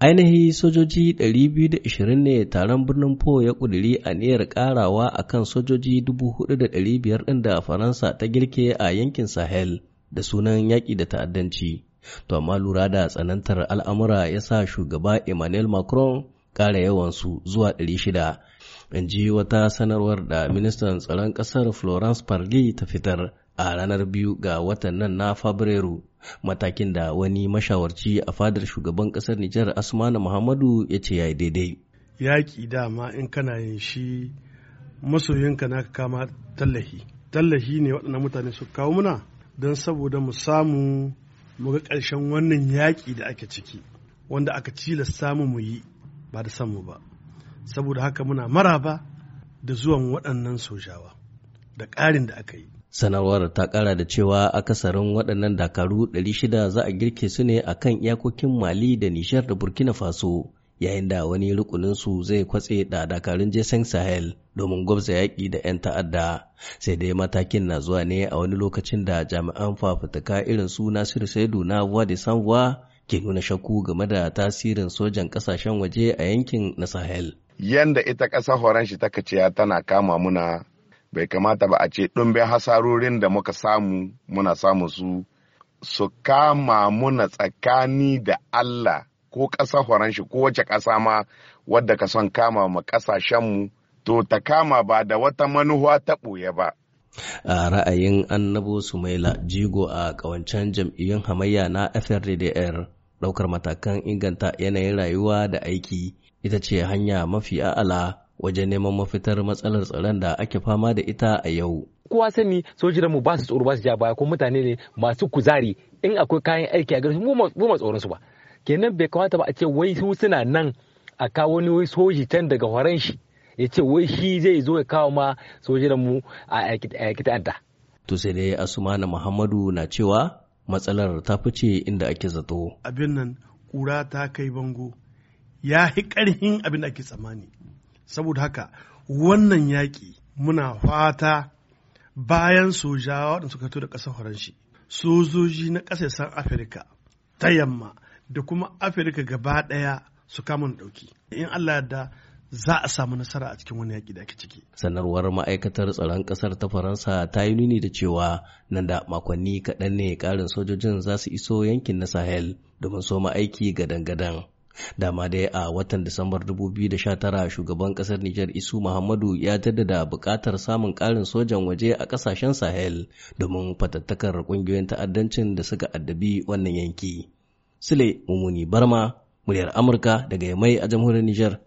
ainihi sojoji 220 ne taron birnin po ya kuduri aniyar karawa a kan sojoji 4,500 ɗin da faransa ta girke a yankin sahel da sunan yaƙi da ta'addanci to amma lura da tsanantar al'amura ya sa shugaba emmanuel macron ƙara yawansu zuwa 600 in ji wata sanarwar da ministan tsaron ƙasar florence parly ta fitar a ranar biyu ga watan nan na Fabrairu. Matakin da wani mashawarci a fadar shugaban ƙasar Nijar Asmanu Muhammadu ya ce ya yi daidai. Yaƙi dama in kana yin shi masoyinka na kama tallahi. Tallahi ne waɗannan mutane su kawo muna don saboda mu samu mu ga ƙarshen wannan yaƙi da ake ciki wanda aka cila samu mu yi ba da samu ba. Saboda haka muna maraba da zuwan waɗannan sojawa da ƙarin da aka yi. sanarwar ta kara da cewa akasarin waɗannan dakaru 600 za a girke su ne a kan iyakokin mali da nishar da burkina faso yayin da wani rukuninsu zai kwatse da dakarun jesen sahel domin gwabza yaƙi da 'yan ta'adda sai dai matakin na zuwa ne a wani lokacin da jami'an fafutuka irin su nasiru saidu na voix de ke nuna shakku game da tasirin sojan ƙasashen waje a yankin na sahel yanda ita ƙasa horon shi ta tana kama muna bai kamata ba a ce ɗumbin hasarorin da muka samu muna samu su su kama muna tsakani da Allah ko ƙasa horon shi ko wace ƙasa ma wadda ka son kama ma ƙasashenmu to ta kama ba da wata manuwa ta ɓoye ba. a ra'ayin annabo sumaila jigo a ƙawancen jam'iyyun hamayya na FRDDR ɗaukar matakan inganta yanayin rayuwa da aiki ita ce hanya mafi a'ala wajen neman mafitar matsalar tsaron da ake fama da ita a yau. Kowa sani sojiran mu ba su tsoro ba su ja baya ko mutane ne masu kuzari in akwai kayan aiki a garin mu mu tsoron su ba. Kenan bai kamata ba a ce wai su suna nan a kawo wani wai soji can daga horon shi ya ce wai shi zai zo ya kawo ma sojiran mu a yaki ta'adda. To sai dai Asumana Muhammadu na cewa matsalar ta fice inda ake zato. Abin nan kura ta kai bango ya yi ƙarhin abin da ake tsammani. saboda haka wannan yaƙi muna fata bayan sojawa waɗanda suka fito da ƙasar faranshi sojoji na ƙasashen afirka ta yamma da kuma afirka gaba ɗaya su kama ɗauki in allah yadda za a samu nasara a cikin wani yaƙi da ake ciki. Sanarwar ma'aikatar tsaron ƙasar ta Faransa ta yi nuni da cewa nan da makonni kaɗan ne ƙarin sojojin za su iso yankin na Sahel domin soma aiki gadan-gadan. dama dai a watan disambar 2019 shugaban kasar Nijar Isu Muhammadu ya jaddada bukatar samun ƙarin sojan waje a ƙasashen Sahel domin fatattakar ƙungiyoyin ta'addancin da suka addabi wannan yanki. Sule Mumuni Barma, muryar Amurka daga Yamai a jamhuriyar Nijar.